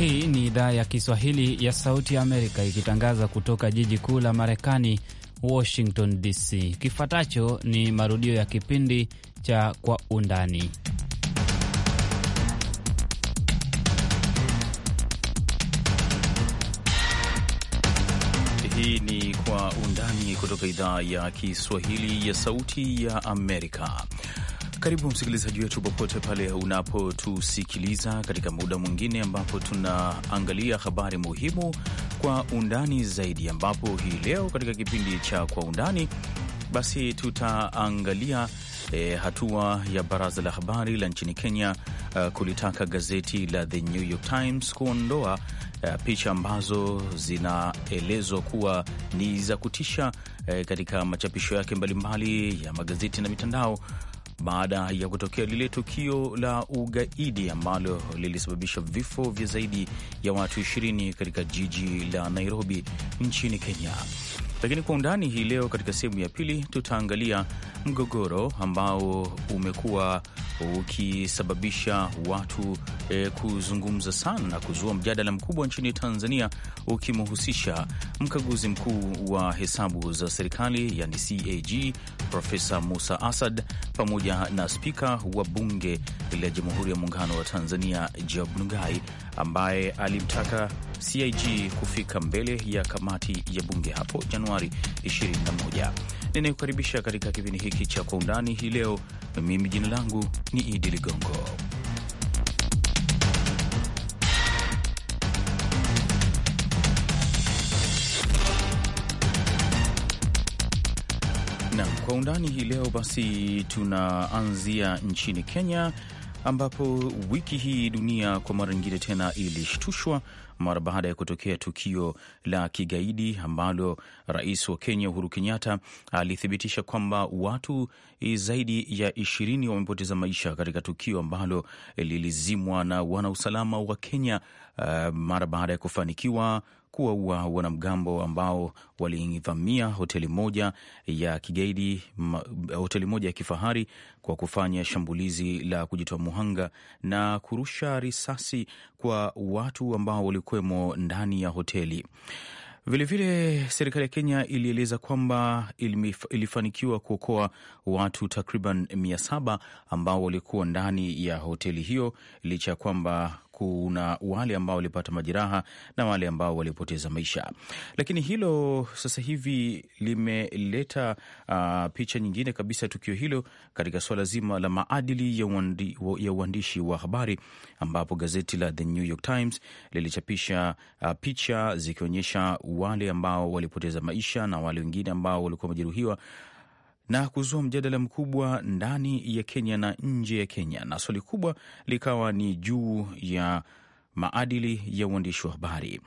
Hii ni idhaa ya Kiswahili ya Sauti ya Amerika ikitangaza kutoka jiji kuu la Marekani, Washington DC. Kifuatacho ni marudio ya kipindi cha Kwa Undani. Hii ni Kwa Undani kutoka idhaa ya Kiswahili ya Sauti ya Amerika. Karibu msikilizaji wetu popote pale unapotusikiliza katika muda mwingine ambapo tunaangalia habari muhimu kwa undani zaidi, ambapo hii leo katika kipindi cha kwa undani basi tutaangalia e, hatua ya baraza la habari la nchini Kenya uh, kulitaka gazeti la The New York Times kuondoa uh, picha ambazo zinaelezwa kuwa ni za kutisha uh, katika machapisho yake mbalimbali ya magazeti na mitandao baada ya kutokea lile tukio la ugaidi ambalo lilisababisha vifo vya zaidi ya watu 20 katika jiji la Nairobi nchini Kenya. Lakini kwa undani hii leo katika sehemu ya pili tutaangalia mgogoro ambao umekuwa ukisababisha watu e, kuzungumza sana na kuzua mjadala mkubwa nchini Tanzania, ukimhusisha mkaguzi mkuu wa hesabu za serikali yani CAG Profesa Musa Asad pamoja na spika wa bunge la Jamhuri ya Muungano wa Tanzania Job Ndugai ambaye alimtaka CAG kufika mbele ya kamati ya bunge hapo Januari 21. Ninayekukaribisha katika kipindi hiki cha Kwa Undani hii leo. Mimi jina langu ni Idi Ligongo. Nam kwa undani hii leo, basi tunaanzia nchini Kenya ambapo wiki hii dunia kwa mara nyingine tena ilishtushwa mara baada ya kutokea tukio la kigaidi ambalo rais wa Kenya Uhuru Kenyatta alithibitisha kwamba watu zaidi ya ishirini wamepoteza maisha katika tukio ambalo lilizimwa na wanausalama wa Kenya uh, mara baada ya kufanikiwa kuwaua wanamgambo ambao walivamia hoteli moja ya kigaidi, hoteli moja ya kifahari kwa kufanya shambulizi la kujitoa muhanga na kurusha risasi kwa watu ambao walikuwemo ndani ya hoteli. Vilevile, serikali ya Kenya ilieleza kwamba ilifanikiwa kuokoa watu takriban mia saba ambao walikuwa ndani ya hoteli hiyo licha ya kwamba kuna wale ambao walipata majeraha na wale ambao walipoteza maisha, lakini hilo sasa hivi limeleta uh, picha nyingine kabisa tukio hilo katika suala zima la maadili ya uandishi wa habari, ambapo gazeti la The New York Times lilichapisha uh, picha zikionyesha wale ambao walipoteza maisha na wale wengine ambao walikuwa wamejeruhiwa na kuzua mjadala mkubwa ndani ya Kenya na nje ya Kenya, na swali kubwa likawa ni juu ya maadili ya uandishi wa habari.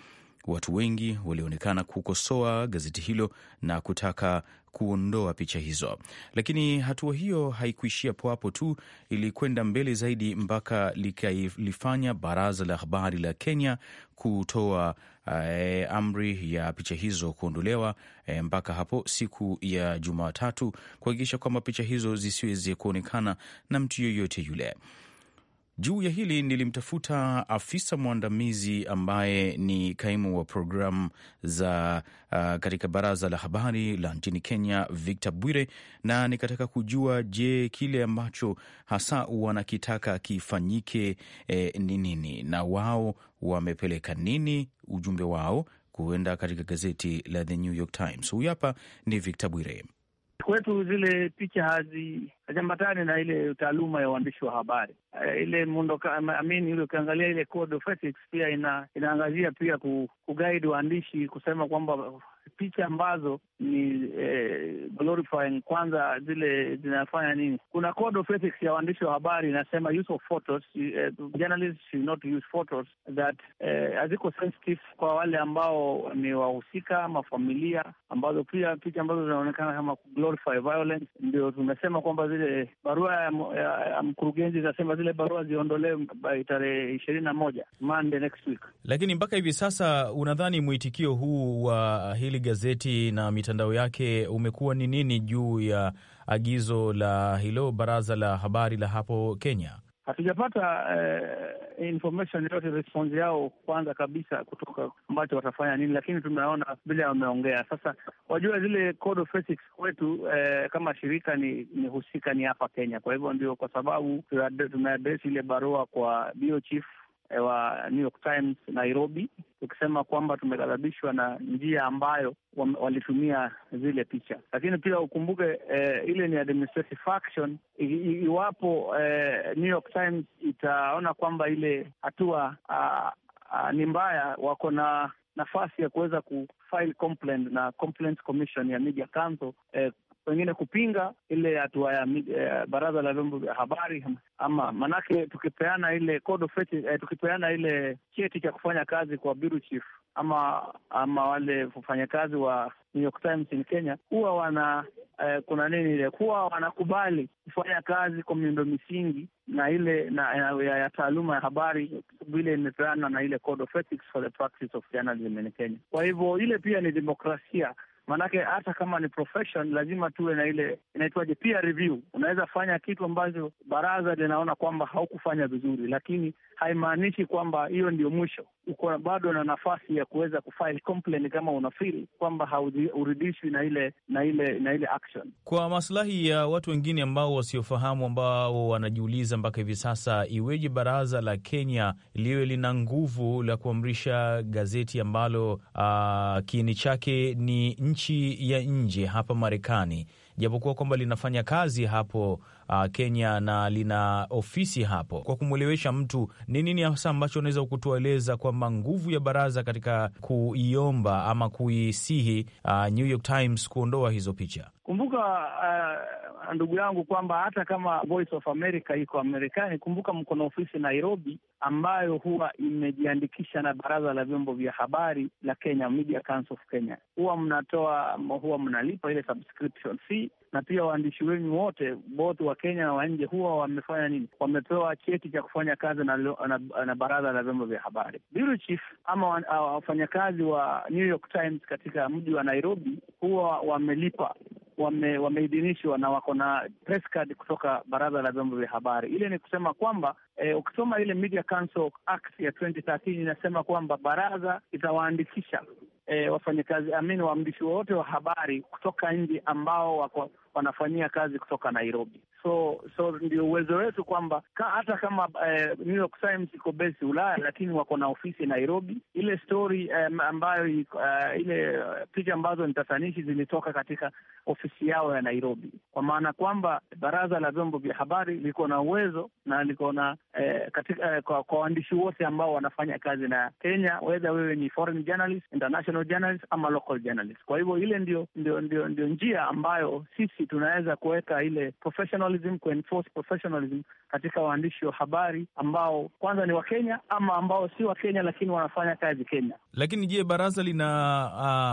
Watu wengi walionekana kukosoa gazeti hilo na kutaka kuondoa picha hizo, lakini hatua hiyo haikuishia hapo tu, ilikwenda mbele zaidi mpaka likalifanya baraza la habari la Kenya kutoa e, amri ya picha hizo kuondolewa e, mpaka hapo siku ya Jumatatu kuhakikisha kwamba picha hizo zisiweze kuonekana na mtu yoyote yule. Juu ya hili nilimtafuta afisa mwandamizi ambaye ni kaimu wa programu za uh, katika baraza la habari la nchini Kenya, Victor Bwire, na nikataka kujua je, kile ambacho hasa wanakitaka kifanyike eh, ni eh, nini, na wao wamepeleka nini ujumbe wao kuenda katika gazeti la The New York Times. Huyu hapa ni Victor Bwire kwetu zile picha haziambatani na ile taaluma ya uandishi wa habari uh, ile mundo I mean, ukiangalia ile code of ethics pia ina, inaangazia pia ku, kuguide waandishi kusema kwamba picha ambazo ni eh, glorifying kwanza, zile zinafanya nini. Kuna code of ethics ya waandishi wa habari inasema use of photos, uh, journalists should not use photos that eh, haziko uh, sensitive kwa wale ambao ni wahusika ama familia, ambazo pia picha ambazo zinaonekana kama glorify violence. Ndio tumesema kwamba zile barua ya, ya, ya mkurugenzi zinasema zile barua ziondolewe tarehe ishirini na moja Monday next week. Lakini mpaka hivi sasa unadhani mwitikio huu wa uh, hili gazeti na mitandao yake umekuwa ni nini juu ya agizo la hilo baraza la habari la hapo Kenya? Hatujapata eh, information yoyote response yao kwanza kabisa kutoka ambacho watafanya nini, lakini tumeona vile wameongea sasa. Wajua zile code of ethics kwetu eh, kama shirika ni, ni husika ni hapa Kenya, kwa hivyo ndio kwa sababu tumeadresi ile barua kwa bio chief Eh, wa New York Times Nairobi, ukisema kwamba tumeghadhabishwa na njia ambayo walitumia zile picha, lakini pia ukumbuke eh, ile ni administrative faction. Iwapo eh, New York Times itaona kwamba ile hatua ah, ah, ni mbaya, wako na nafasi ya kuweza kufile complaint na complaints commission ya media council eh, wengine kupinga ile hatua ya eh, baraza la vyombo vya habari ama manake, tukipeana ile code of ethics, eh, tukipeana ile cheti cha kufanya kazi kwa bureau chief ama ama wale wafanyakazi wa New York Times in Kenya huwa wana eh, kuna nini ile kuwa wanakubali kufanya kazi kwa miundo misingi na ile na, na, ya, ya taaluma ya habari vile imepeana na ile code of ethics for the practice of journalism in Kenya. Kwa hivyo ile pia ni demokrasia maanake hata kama ni profession lazima tuwe na ile inaitwaje, peer review. Unaweza fanya kitu ambacho baraza linaona kwamba haukufanya vizuri, lakini haimaanishi kwamba hiyo ndio mwisho uko bado na nafasi ya kuweza kufile complaint kama unafeel kwamba hauridhishwi na ile na ile na ile action. Kwa maslahi ya watu wengine ambao wasiofahamu, ambao wanajiuliza mpaka hivi sasa, iweje baraza la Kenya liwe lina nguvu la kuamrisha gazeti ambalo uh, kiini chake ni nchi ya nje hapa Marekani japokuwa kwamba linafanya kazi hapo uh, Kenya na lina ofisi hapo. Kwa kumwelewesha mtu ni nini hasa ambacho unaweza kutueleza kwamba nguvu ya baraza katika kuiomba ama kuisihi uh, New York Times kuondoa hizo picha? Kumbuka uh ndugu yangu kwamba hata kama Voice of America iko Amerikani, kumbuka mko na ofisi Nairobi ambayo huwa imejiandikisha na baraza la vyombo vya habari la Kenya, Media Council of Kenya. Huwa mnatoa huwa mnalipa ile subscription fee na pia waandishi wenyu wote both wa Kenya na wa nje huwa wamefanya nini? Wamepewa cheti cha kufanya kazi na, na, na baraza la vyombo vya habari. Bureau chief ama uh, wafanyakazi wa New York Times katika mji wa Nairobi huwa wamelipa wame, wameidhinishwa na wako na press card kutoka baraza la vyombo vya habari. Ile ni kusema kwamba eh, ukisoma ile Media Council Act ya 2013 inasema kwamba baraza itawaandikisha eh, wafanyakazi amini waandishi wote wa habari kutoka nje ambao wako wanafanyia kazi kutoka Nairobi. So so ndio uwezo wetu kwamba ka, hata kama eh, New York Times iko besi Ulaya, lakini wako na ofisi Nairobi. Ile story eh, ambayo eh, ile eh, picha ambazo ni tatanishi zilitoka katika ofisi yao ya Nairobi, kwa maana kwamba baraza la vyombo vya habari liko na uwezo na liko na eh, katika, eh, kwa waandishi wote ambao wanafanya kazi na Kenya, whether wewe ni foreign journalist, international journalist ama local journalist. Kwa hivyo ile ndio ndio ndio njia ambayo sisi jinsi tunaweza kuweka ile professionalism, kuenforce professionalism katika waandishi wa habari ambao kwanza ni Wakenya ama ambao si Wakenya lakini wanafanya kazi Kenya. Lakini je, baraza lina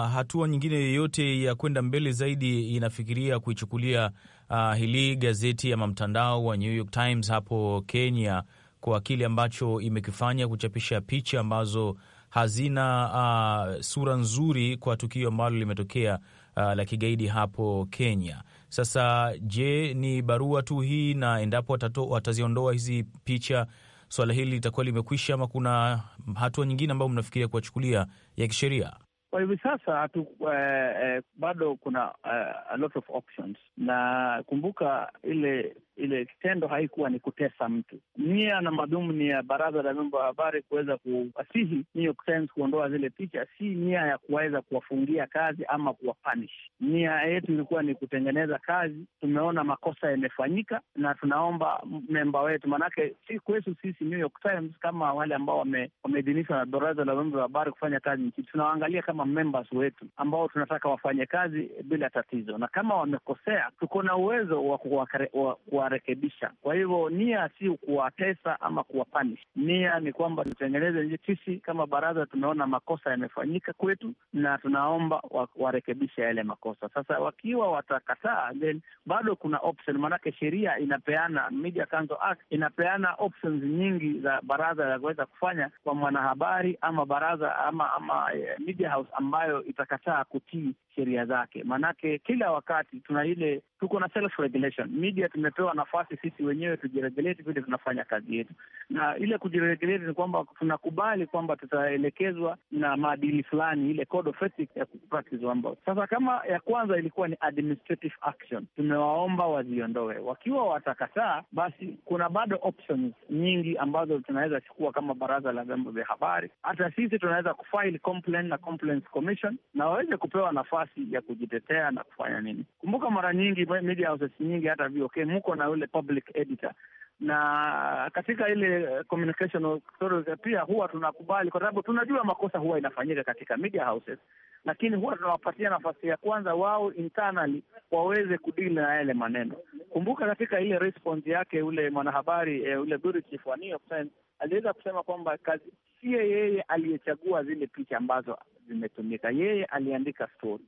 uh, hatua nyingine yoyote ya kwenda mbele zaidi inafikiria kuichukulia uh, hili gazeti ama mtandao wa New York Times hapo Kenya kwa kile ambacho imekifanya kuchapisha picha ambazo hazina uh, sura nzuri kwa tukio ambalo limetokea uh, la kigaidi hapo Kenya. Sasa je, ni barua tu hii, na endapo wataziondoa hizi picha swala hili litakuwa limekwisha, ama kuna hatua nyingine ambayo mnafikiria kuwachukulia ya kisheria? Kwa hivi sasa hatu, uh, uh, bado kuna uh, a lot of options na kumbuka ile ile tendo haikuwa ni kutesa mtu. Nia na madhumuni ya baraza la vyombo vya habari kuweza kuwasihi New York Times kuondoa zile picha si nia ya kuweza kuwafungia kazi ama kuwapanish. Nia yetu ilikuwa ni kutengeneza kazi. Tumeona makosa yamefanyika na tunaomba memba wetu, maanake si kwetu sisi New York Times kama wale ambao wameidhinishwa na baraza la vyombo vya habari kufanya kazi nchini, tunawaangalia kama members wetu ambao tunataka wafanye kazi bila tatizo, na kama wamekosea tuko na uwezo wa kuwa kuwarekebisha. Kwa hivyo nia si kuwatesa ama kuwapanish, nia ni kwamba tutengeneze, sisi kama baraza tumeona makosa yamefanyika kwetu na tunaomba warekebishe yale makosa. Sasa wakiwa watakataa, then bado kuna option, maanake sheria inapeana, Media Council Act inapeana options nyingi za baraza ya kuweza kufanya kwa mwanahabari ama baraza ama ama eh, media house ambayo itakataa kutii sheria zake, maanake kila wakati tuna ile tuko na self regulation. Media tumepewa nafasi sisi wenyewe tujiregeleti vile tunafanya kazi yetu, na ile kujiregeleti ni kwamba tunakubali kwamba tutaelekezwa na maadili fulani, ile code of ethics ya practice sasa, kama ya kwanza ilikuwa ni administrative action, tumewaomba waziondoe. Wakiwa watakataa, basi kuna bado options nyingi ambazo tunaweza chukua kama baraza la vyombo vya habari. Hata sisi tunaweza kufile complaint na complaints commission, na waweze kupewa nafasi ya kujitetea na kufanya nini. Kumbuka mara nyingi media houses nyingi, hata VOK, muko na yule public editor na katika ile eh, communication authority pia huwa tunakubali, kwa sababu tunajua makosa huwa inafanyika katika media houses, lakini huwa tunawapatia nafasi ya kwanza wao internally waweze kudili na yale maneno. Kumbuka katika ile response yake ule mwanahabari e, eh, ule bureau chief wa New York Times aliweza kusema kwamba kazi sio yeye aliyechagua zile picha ambazo zimetumika, yeye aliandika story,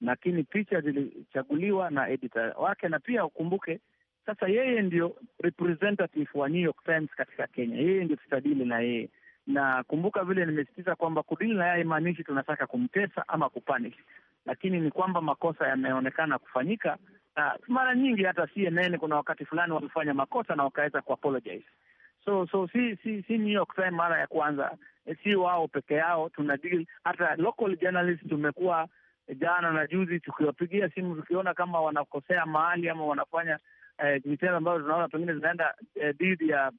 lakini picha zilichaguliwa na editor wake, na pia ukumbuke sasa yeye ndio representative wa New York Times katika Kenya, yeye ndio tutadili na yeye na kumbuka, vile nimesitiza kwamba kudili na yeye haimaanishi tunataka kumtesa ama kupanish, lakini ni kwamba makosa yameonekana kufanyika. Na mara nyingi hata CNN kuna wakati fulani wamefanya makosa na wakaweza kuapologize. So so si si si New York Times mara ya kwanza, eh, si wao peke yao, tuna deal hata local journalists. Tumekuwa jana na juzi tukiwapigia simu tukiona kama wanakosea mahali ama wanafanya eh, jitihada ambazo tunaona pengine zinaenda eh, dhidi ya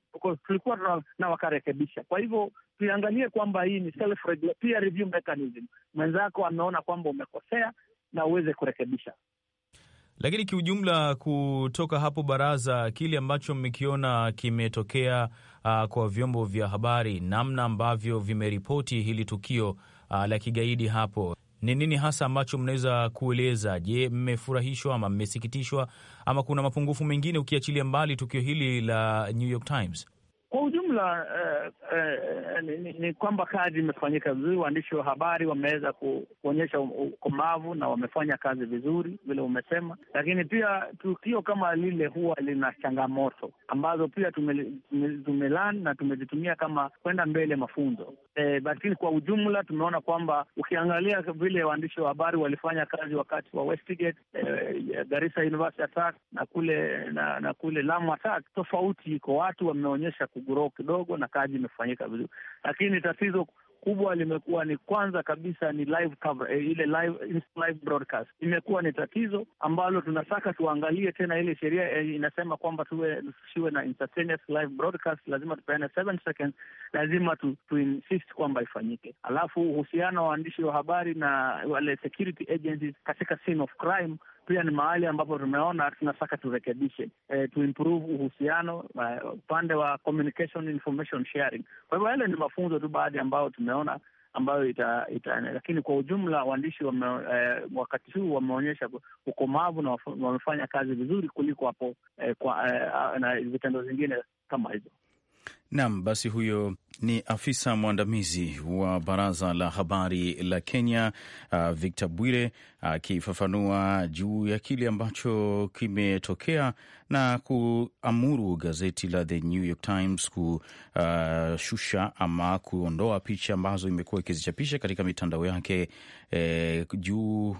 tulikuwa tuna na wakarekebisha. Kwa hivyo tuiangalie kwamba hii ni self peer review mechanism, mwenzako ameona kwamba umekosea na uweze kurekebisha. Lakini kiujumla, kutoka hapo baraza, kile ambacho mmekiona kimetokea uh, kwa vyombo vya habari, namna ambavyo vimeripoti hili tukio uh, la kigaidi hapo ni nini hasa ambacho mnaweza kueleza? Je, mmefurahishwa ama mmesikitishwa ama kuna mapungufu mengine, ukiachilia mbali tukio hili la New York Times? jumla eh, eh, ni, ni, kwamba kazi imefanyika vizuri. Waandishi wa habari wameweza ku, kuonyesha ukomavu na wamefanya kazi vizuri vile umesema, lakini pia tukio kama lile huwa lina changamoto ambazo pia tumelan na tumezitumia kama kwenda mbele mafunzo eh, lakini kwa ujumla tumeona kwamba ukiangalia vile waandishi wa habari walifanya kazi wakati wa Westgate, eh, Garissa University attack na kule na, na kule Lamu attack, tofauti iko, watu wameonyesha kugoroka kidogo na kazi imefanyika vizuri, lakini tatizo kubwa limekuwa ni kwanza kabisa ni live cover, eh, ile live, live broadcast imekuwa ni tatizo ambalo tunataka tuangalie tena. Ile sheria eh, inasema kwamba tuwe tusiwe na instantaneous live broadcast, lazima tupeane seconds, lazima tu, tu insist kwamba ifanyike. Alafu uhusiano wa waandishi wa habari na wale security agencies katika scene of crime pia ni mahali ambapo tumeona tunataka turekebishe, e, eh, tuimprove uhusiano eh, upande uh, wa communication information sharing. Kwa hivyo yale ni mafunzo tu baadhi ambayo tumeona ambayo ita, ita, lakini kwa ujumla waandishi wame, eh, wakati huu wameonyesha ukomavu na wamefanya kazi vizuri kuliko hapo eh, kwa eh, na vitendo zingine kama hizo. Nam, basi huyo ni afisa mwandamizi wa baraza la habari la Kenya, uh, Victor Bwire akifafanua uh, juu ya kile ambacho kimetokea na kuamuru gazeti la The New York Times kushusha uh, ama kuondoa picha ambazo imekuwa ikizichapisha katika mitandao yake eh, juu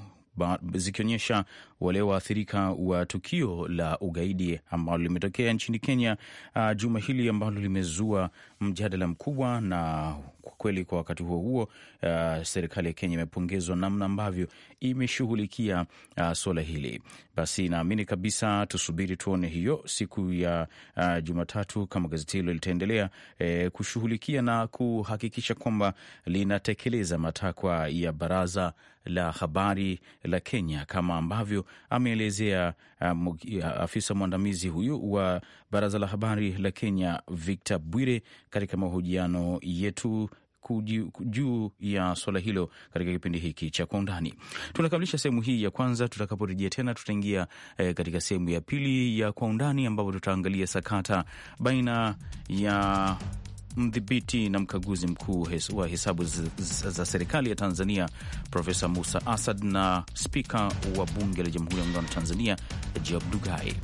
zikionyesha wale waathirika wa tukio la ugaidi ambalo limetokea nchini Kenya uh, juma hili ambalo limezua mjadala mkubwa na kwa kweli, kwa wakati huo huo, uh, serikali ya Kenya imepongezwa namna ambavyo imeshughulikia uh, suala hili. Basi naamini kabisa tusubiri tuone hiyo siku ya uh, Jumatatu kama gazeti hilo litaendelea eh, kushughulikia na kuhakikisha kwamba linatekeleza matakwa ya baraza la habari la Kenya kama ambavyo ameelezea uh, uh, afisa mwandamizi huyu wa baraza la habari la Kenya Victor Bwire katika mahojiano yetu juu ya swala hilo katika kipindi hiki cha Kwa Undani. Tunakamilisha sehemu hii ya kwanza. Tutakaporejea tena, tutaingia e, katika sehemu ya pili ya Kwa Undani, ambapo tutaangalia sakata baina ya mdhibiti na mkaguzi mkuu wa hesabu za serikali ya Tanzania Profesa Musa Asad na spika wa bunge la Jamhuri ya Muungano wa Tanzania Job Dugai.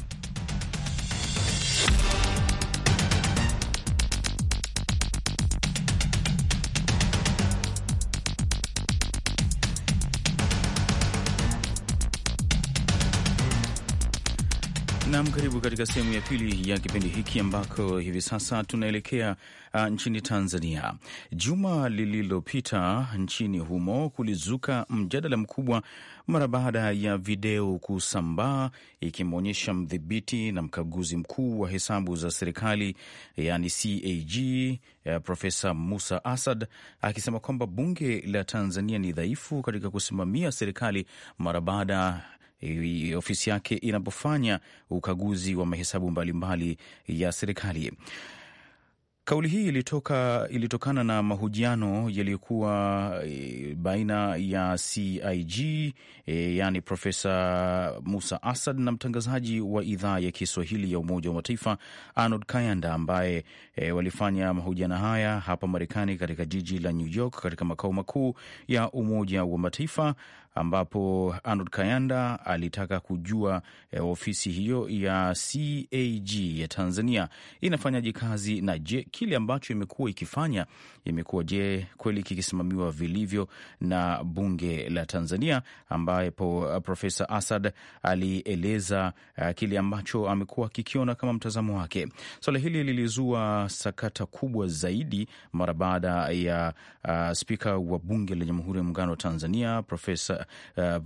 Nam, karibu katika sehemu ya pili ya kipindi hiki ambako hivi sasa tunaelekea uh, nchini Tanzania. Juma lililopita nchini humo kulizuka mjadala mkubwa mara baada ya video kusambaa ikimwonyesha mdhibiti na mkaguzi mkuu wa hesabu za serikali yani CAG ya uh, Profesa Musa Asad akisema kwamba bunge la Tanzania ni dhaifu katika kusimamia serikali mara baada ofisi yake inapofanya ukaguzi wa mahesabu mbalimbali mbali ya serikali. Kauli hii ilitoka, ilitokana na mahojiano yaliyokuwa e, baina ya CIG e, yani Profesa Musa Asad na mtangazaji wa idhaa ya Kiswahili ya Umoja wa Mataifa Arnold Kayanda ambaye e, walifanya mahojiano haya hapa Marekani katika jiji la New York katika makao makuu ya Umoja wa Mataifa ambapo Arnold Kayanda alitaka kujua eh, ofisi hiyo ya CAG ya Tanzania inafanyaje kazi na je, kile ambacho imekuwa ikifanya imekuwa je kweli kikisimamiwa vilivyo na bunge la Tanzania, ambapo eh, Profesa Asad alieleza uh, kile ambacho amekuwa akikiona kama mtazamo wake. Swala hili lilizua sakata kubwa zaidi mara baada ya uh, spika wa bunge la Jamhuri ya Muungano wa Tanzania Profesa uh,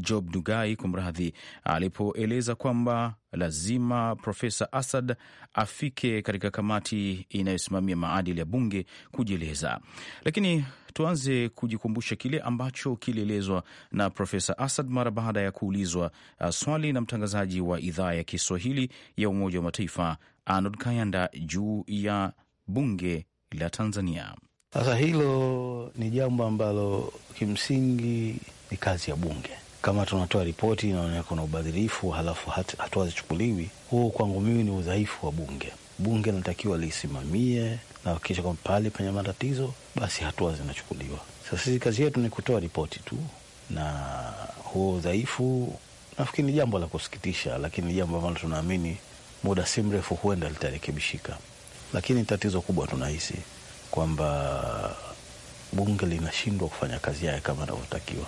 Job Dugai kumradhi, alipoeleza kwamba lazima Profesa Asad afike katika kamati inayosimamia maadili ya bunge kujieleza. Lakini tuanze kujikumbusha kile ambacho kilielezwa na Profesa Asad mara baada ya kuulizwa uh, swali na mtangazaji wa idhaa ya Kiswahili ya Umoja wa Mataifa Arnold Kayanda juu ya bunge la Tanzania. Sasa hilo ni jambo ambalo kimsingi ni kazi ya bunge. Kama tunatoa ripoti inaonekana kuna ubadhirifu, halafu hatua zichukuliwi, huo kwangu mimi ni udhaifu wa bunge. Bunge linatakiwa lisimamie na kuhakikisha kwamba pale penye matatizo, basi hatua zinachukuliwa. Sasa sisi kazi yetu ni kutoa ripoti tu, na huo udhaifu nafikiri ni jambo la kusikitisha, lakini ni jambo ambalo tunaamini muda si mrefu huenda litarekebishika. Lakini tatizo kubwa tunahisi kwamba bunge linashindwa kufanya kazi yake kama inavyotakiwa,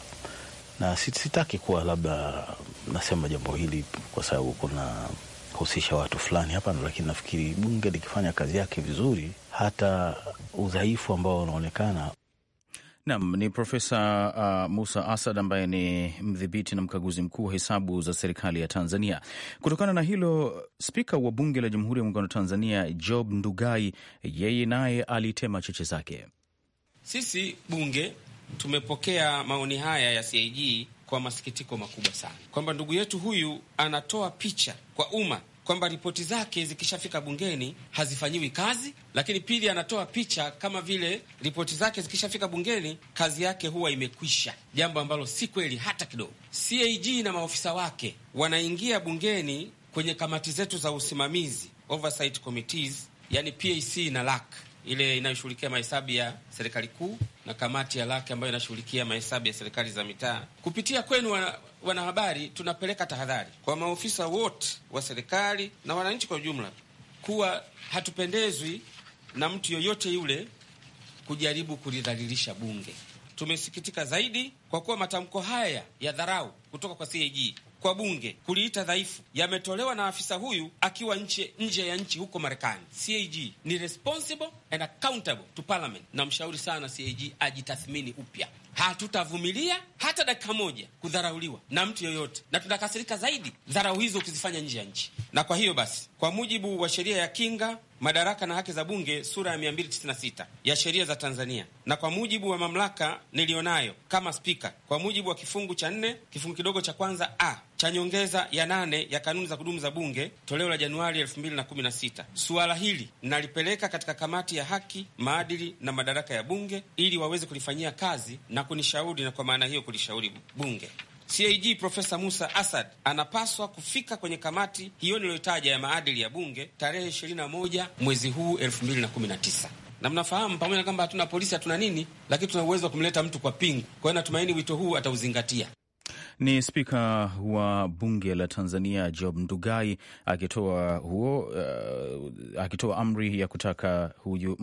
na sitaki kuwa labda nasema jambo hili kwa sababu kuna husisha watu fulani hapana, lakini nafikiri bunge likifanya kazi yake vizuri, hata udhaifu ambao unaonekana Nam ni Profesa uh, Musa Asad ambaye ni mdhibiti na mkaguzi mkuu wa hesabu za serikali ya Tanzania. Kutokana na hilo, spika wa bunge la Jamhuri ya Muungano wa Tanzania Job Ndugai, yeye naye alitema cheche zake. Sisi bunge tumepokea maoni haya ya CAG kwa masikitiko makubwa sana, kwamba ndugu yetu huyu anatoa picha kwa umma kwamba ripoti zake zikishafika bungeni hazifanyiwi kazi, lakini pili, anatoa picha kama vile ripoti zake zikishafika bungeni kazi yake huwa imekwisha, jambo ambalo si kweli hata kidogo. CAG na maofisa wake wanaingia bungeni kwenye kamati zetu za usimamizi, oversight committees, yani PAC na LAC ile inayoshughulikia mahesabu ya serikali kuu na kamati ya lake ambayo inashughulikia mahesabu ya serikali za mitaa. Kupitia kwenu wanahabari, tunapeleka tahadhari kwa maofisa wote wa serikali na wananchi kwa ujumla kuwa hatupendezwi na mtu yoyote yule kujaribu kulidhalilisha Bunge. Tumesikitika zaidi kwa kuwa matamko haya ya dharau kutoka kwa CAG kwa bunge kuliita dhaifu yametolewa na afisa huyu akiwa nje nje ya nchi huko Marekani. CAG ni responsible and accountable to parliament. Namshauri sana CAG ajitathmini upya. Hatutavumilia hata dakika moja kudharauliwa na mtu yoyote, na tunakasirika zaidi dharau hizo ukizifanya nje ya nchi. Na kwa hiyo basi, kwa mujibu wa sheria ya kinga, madaraka na haki za bunge sura ya 296 ya sheria za Tanzania, na kwa mujibu wa mamlaka niliyonayo kama spika, kwa mujibu wa kifungu cha nne kifungu kidogo cha kwanza a cha nyongeza ya nane ya kanuni za kudumu za Bunge, toleo la Januari elfu mbili na kumi na sita. Suala hili nalipeleka katika kamati ya haki, maadili na madaraka ya Bunge ili waweze kulifanyia kazi na kunishauri, na kwa maana hiyo kulishauri Bunge. CAG Profesa Musa Asad anapaswa kufika kwenye kamati hiyo niliyotaja ya maadili ya Bunge tarehe 21 mwezi huu 2019 na mnafahamu pamoja na kwamba hatuna polisi hatuna nini, lakini tuna uwezo wa kumleta mtu kwa pingu. Kwa hiyo natumaini wito huu atauzingatia. Ni spika wa bunge la Tanzania Job Ndugai akitoa huo uh, akitoa amri ya kutaka huyu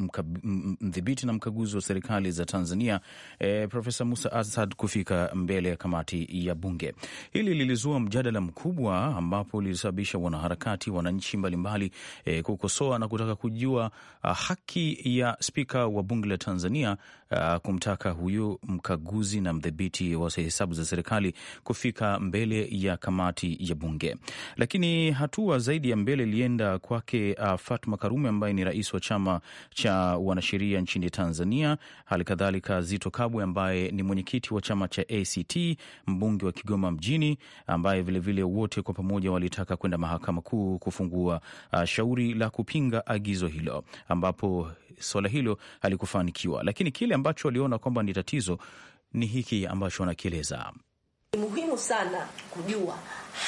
mdhibiti na mkaguzi wa serikali za Tanzania eh, Profesa Musa Asad kufika mbele ya kamati ya bunge. Hili lilizua mjadala mkubwa ambapo lilisababisha wanaharakati, wananchi mbalimbali eh, kukosoa na kutaka kujua uh, haki ya spika wa bunge la Tanzania uh, kumtaka huyu mkaguzi na mdhibiti wa hesabu za serikali kufika mbele ya kamati ya bunge. Lakini hatua zaidi ya mbele ilienda kwake uh, Fatma Karume ambaye ni rais wa chama cha wanasheria nchini Tanzania, hali kadhalika Zito Kabwe ambaye ni mwenyekiti wa chama cha ACT, mbunge wa Kigoma mjini ambaye vilevile vile wote kwa pamoja walitaka kwenda mahakama kuu kufungua uh, shauri la kupinga agizo hilo ambapo swala hilo halikufanikiwa, lakini kile ambacho waliona kwamba ni tatizo ni hiki ambacho wanakieleza. Ni muhimu sana kujua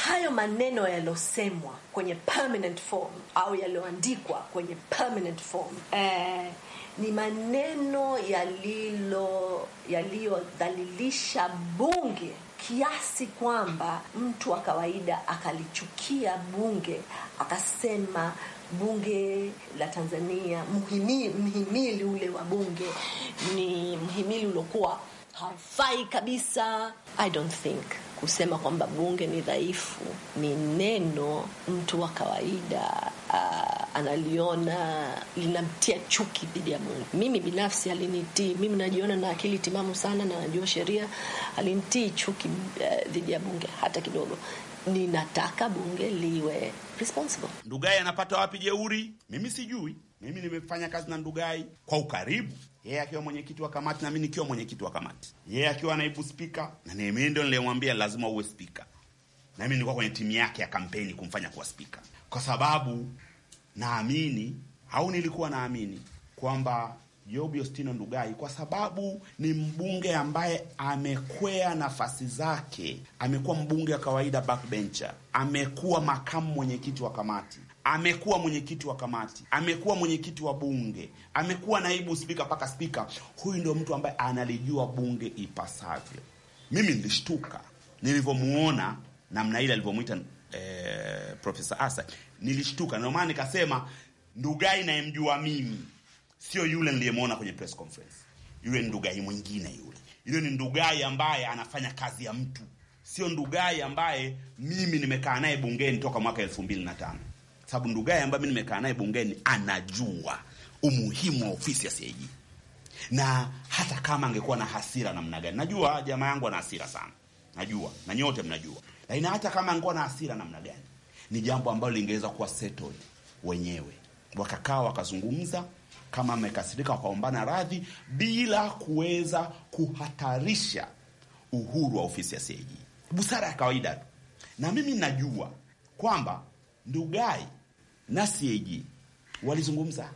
hayo maneno yaliyosemwa kwenye permanent form au yaliyoandikwa kwenye permanent form eh, ni maneno yaliyodhalilisha bunge kiasi kwamba mtu wa kawaida akalichukia bunge akasema bunge la Tanzania, mhimili, ule wa bunge ni mhimili uliokuwa haufai kabisa. I don't think kusema kwamba bunge ni dhaifu ni neno mtu wa kawaida uh, analiona linamtia chuki dhidi ya bunge. Mimi binafsi alinitii mimi najiona na akili timamu sana na najua sheria, alinitii chuki uh, dhidi uh, ya bunge hata kidogo. Ninataka bunge liwe responsible. Ndugai anapata wapi jeuri? Mimi sijui. Mimi nimefanya kazi na Ndugai kwa ukaribu, yeye yeah, akiwa mwenyekiti wa kamati na mimi nikiwa mwenyekiti wa kamati, yeye yeah, akiwa naibu spika, na mimi ndio nilimwambia lazima uwe spika, na mimi nilikuwa kwenye timu yake ya kampeni kumfanya kuwa spika, kwa sababu naamini au nilikuwa naamini kwamba Job Yostino Ndugai kwa sababu ni mbunge ambaye amekwea nafasi zake. Amekuwa mbunge wa kawaida backbencher, amekuwa makamu mwenyekiti wa kamati amekuwa mwenyekiti wa kamati, amekuwa mwenyekiti wa bunge, amekuwa naibu spika mpaka spika. Huyu ndio mtu ambaye analijua bunge ipasavyo. Mimi nilishtuka nilivyomuona namna ile alivyomwita eh, Profesa Asa, nilishtuka. Ndio maana nikasema Ndugai nayemjua mimi sio yule niliyemwona kwenye press conference. Yule Ndugai mwingine yule. Yule ni Ndugai ambaye anafanya kazi ya mtu, sio Ndugai ambaye mimi nimekaa naye bungeni toka mwaka elfu mbili na tano sababu Ndugai ambaye mimi nimekaa naye bungeni anajua umuhimu wa ofisi ya CAG na hata kama angekuwa na hasira namna gani, najua jamaa yangu ana hasira sana, najua na nyote mnajua, lakini hata kama angekuwa na hasira namna gani, ni jambo ambalo lingeweza kuwa settled wenyewe, wakakaa wakazungumza kama amekasirika wakaombana radhi bila kuweza kuhatarisha uhuru wa ofisi ya CAG. Busara ya kawaida tu, na mimi najua kwamba Ndugai na CAG walizungumza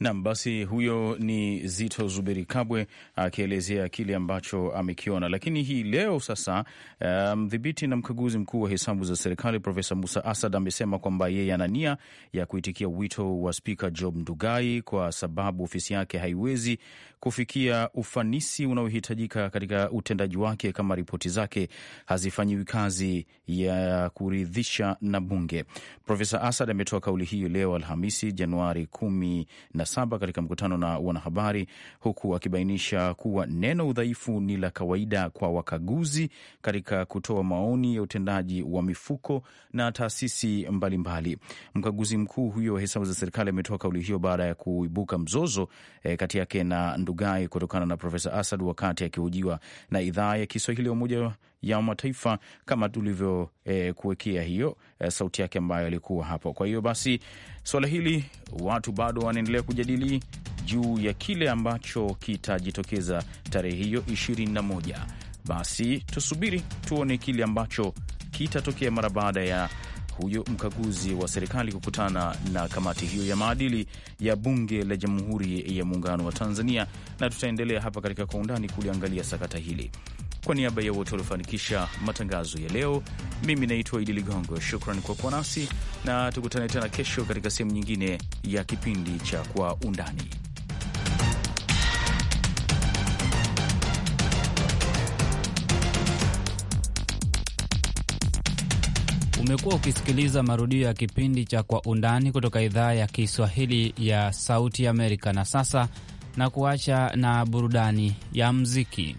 Nam, basi huyo ni Zito Zuberi Kabwe akielezea kile ambacho amekiona. Lakini hii leo sasa, mdhibiti um, na mkaguzi mkuu wa hesabu za serikali Profesa Musa Asad amesema kwamba yeye ana nia ya kuitikia wito wa Spika Job Ndugai kwa sababu ofisi yake haiwezi kufikia ufanisi unaohitajika katika utendaji wake kama ripoti zake hazifanyiwi kazi ya kuridhisha na Bunge. Profesa Asad ametoa kauli hiyo leo Alhamisi, Januari kumi na 17 katika mkutano na wanahabari, huku akibainisha kuwa neno udhaifu ni la kawaida kwa wakaguzi katika kutoa maoni ya utendaji wa mifuko na taasisi mbalimbali Mkaguzi mkuu huyo wa hesabu za serikali ametoa kauli hiyo baada ya kuibuka mzozo e, kati yake na Ndugai kutokana na Profesa Asad wakati akihojiwa na idhaa ya Kiswahili ya Umoja ya Mataifa kama tulivyo eh, kuwekea hiyo eh, sauti yake ambayo alikuwa hapo. Kwa hiyo basi, suala hili watu bado wanaendelea kujadili juu ya kile ambacho kitajitokeza tarehe hiyo 21. Basi tusubiri tuone kile ambacho kitatokea mara baada ya huyo mkaguzi wa serikali kukutana na kamati hiyo ya maadili ya Bunge la Jamhuri ya Muungano wa Tanzania, na tutaendelea hapa katika Kwa Undani kuliangalia sakata hili. Kwa niaba ya wote waliofanikisha matangazo ya leo, mimi naitwa Idi Ligongo. Shukran kwa kuwa nasi na tukutane tena kesho katika sehemu nyingine ya kipindi cha Kwa Undani. Umekuwa ukisikiliza marudio ya kipindi cha Kwa Undani kutoka idhaa ya Kiswahili ya Sauti Amerika. Na sasa na kuacha na burudani ya mziki.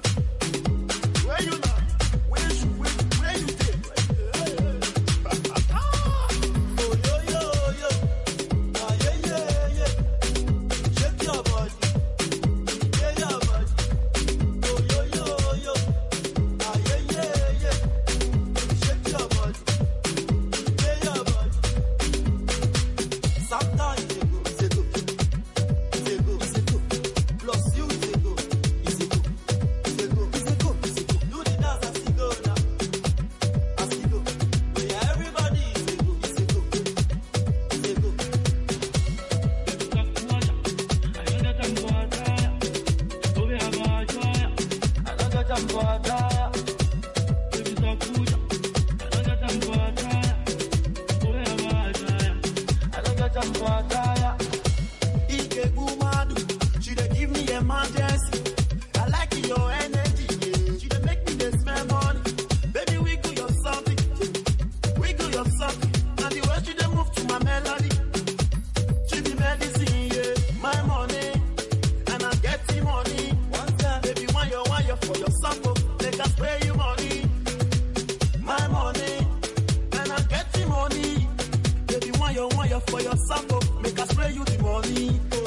fire for your sample. Make us play you the money.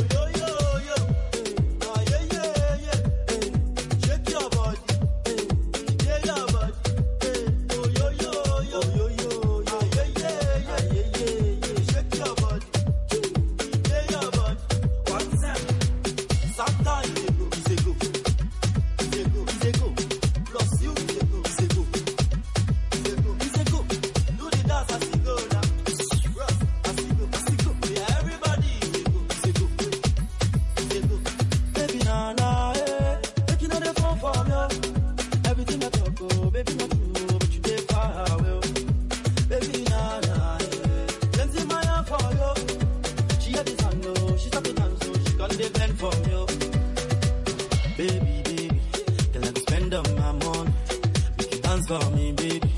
dance for me, baby.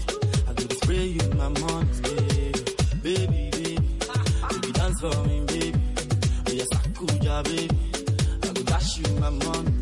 I go to spray you my money, baby. Baby, baby. Baby, dance for me, baby. Oh, yes, I could, yeah, baby. I go dash you my money.